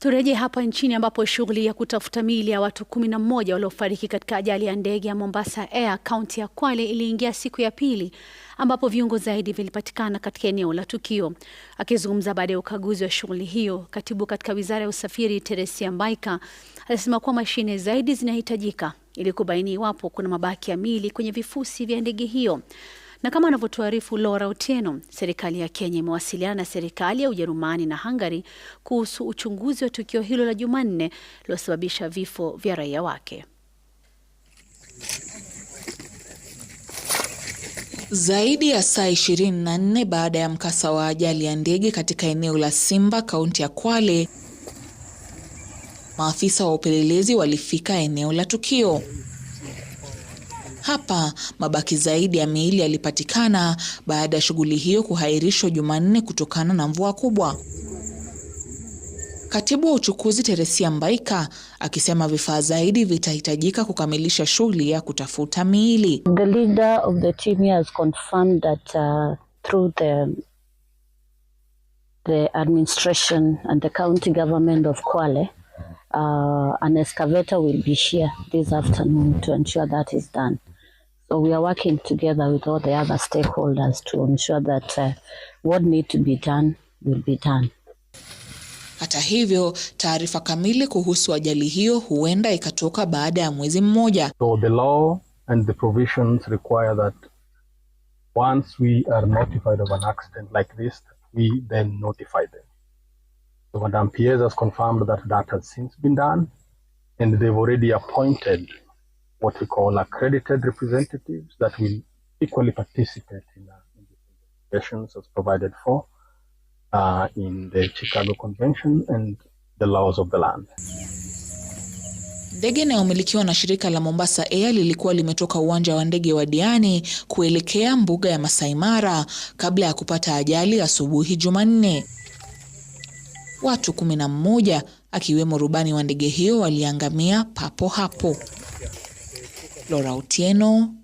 Turejee hapa nchini ambapo shughuli ya kutafuta miili ya watu kumi na mmoja waliofariki katika ajali ya ndege ya Mombasa Air kaunti ya Kwale iliingia siku ya pili ambapo viungo zaidi vilipatikana katika eneo la tukio. Akizungumza baada ya ukaguzi wa shughuli hiyo, katibu katika wizara ya usafiri Teresia Mbaika alisema kuwa mashine zaidi zinahitajika ili kubaini iwapo kuna mabaki ya miili kwenye vifusi vya ndege hiyo. Na kama anavyotuarifu Laura Otieno, serikali ya Kenya imewasiliana na serikali ya Ujerumani na Hungary kuhusu uchunguzi wa tukio hilo la Jumanne lilosababisha vifo vya raia wake. Zaidi ya saa 24 baada ya mkasa wa ajali ya ndege katika eneo la Simba, kaunti ya Kwale, maafisa wa upelelezi walifika eneo la tukio. Hapa mabaki zaidi ya miili yalipatikana baada ya shughuli hiyo kuhairishwa Jumanne kutokana na mvua kubwa. Katibu wa uchukuzi Teresia Mbaika akisema vifaa zaidi vitahitajika kukamilisha shughuli ya kutafuta miili. The leader of the team has confirmed that uh, through the the administration and the county government of Kwale uh, an excavator will be here this afternoon to ensure that is done. So we are working together with all the other stakeholders to ensure that uh, what need to be done will be done. Hata hivyo, taarifa kamili kuhusu ajali hiyo huenda ikatoka baada ya mwezi mmoja. So the law and the provisions require that once we are notified of an accident like this, we then notify them. So Madam Pierce has confirmed that that has since been done and they've already appointed what we call accredited representatives that will equally participate in, uh, in the investigations as provided for uh, in the Chicago Convention and the laws of the land. Ndege inayomilikiwa na shirika la Mombasa Air lilikuwa limetoka uwanja wa ndege wa Diani kuelekea mbuga ya Masai Mara kabla ya kupata ajali asubuhi Jumanne. Watu kumi na mmoja akiwemo rubani wa ndege hiyo waliangamia papo hapo. Laura Utieno,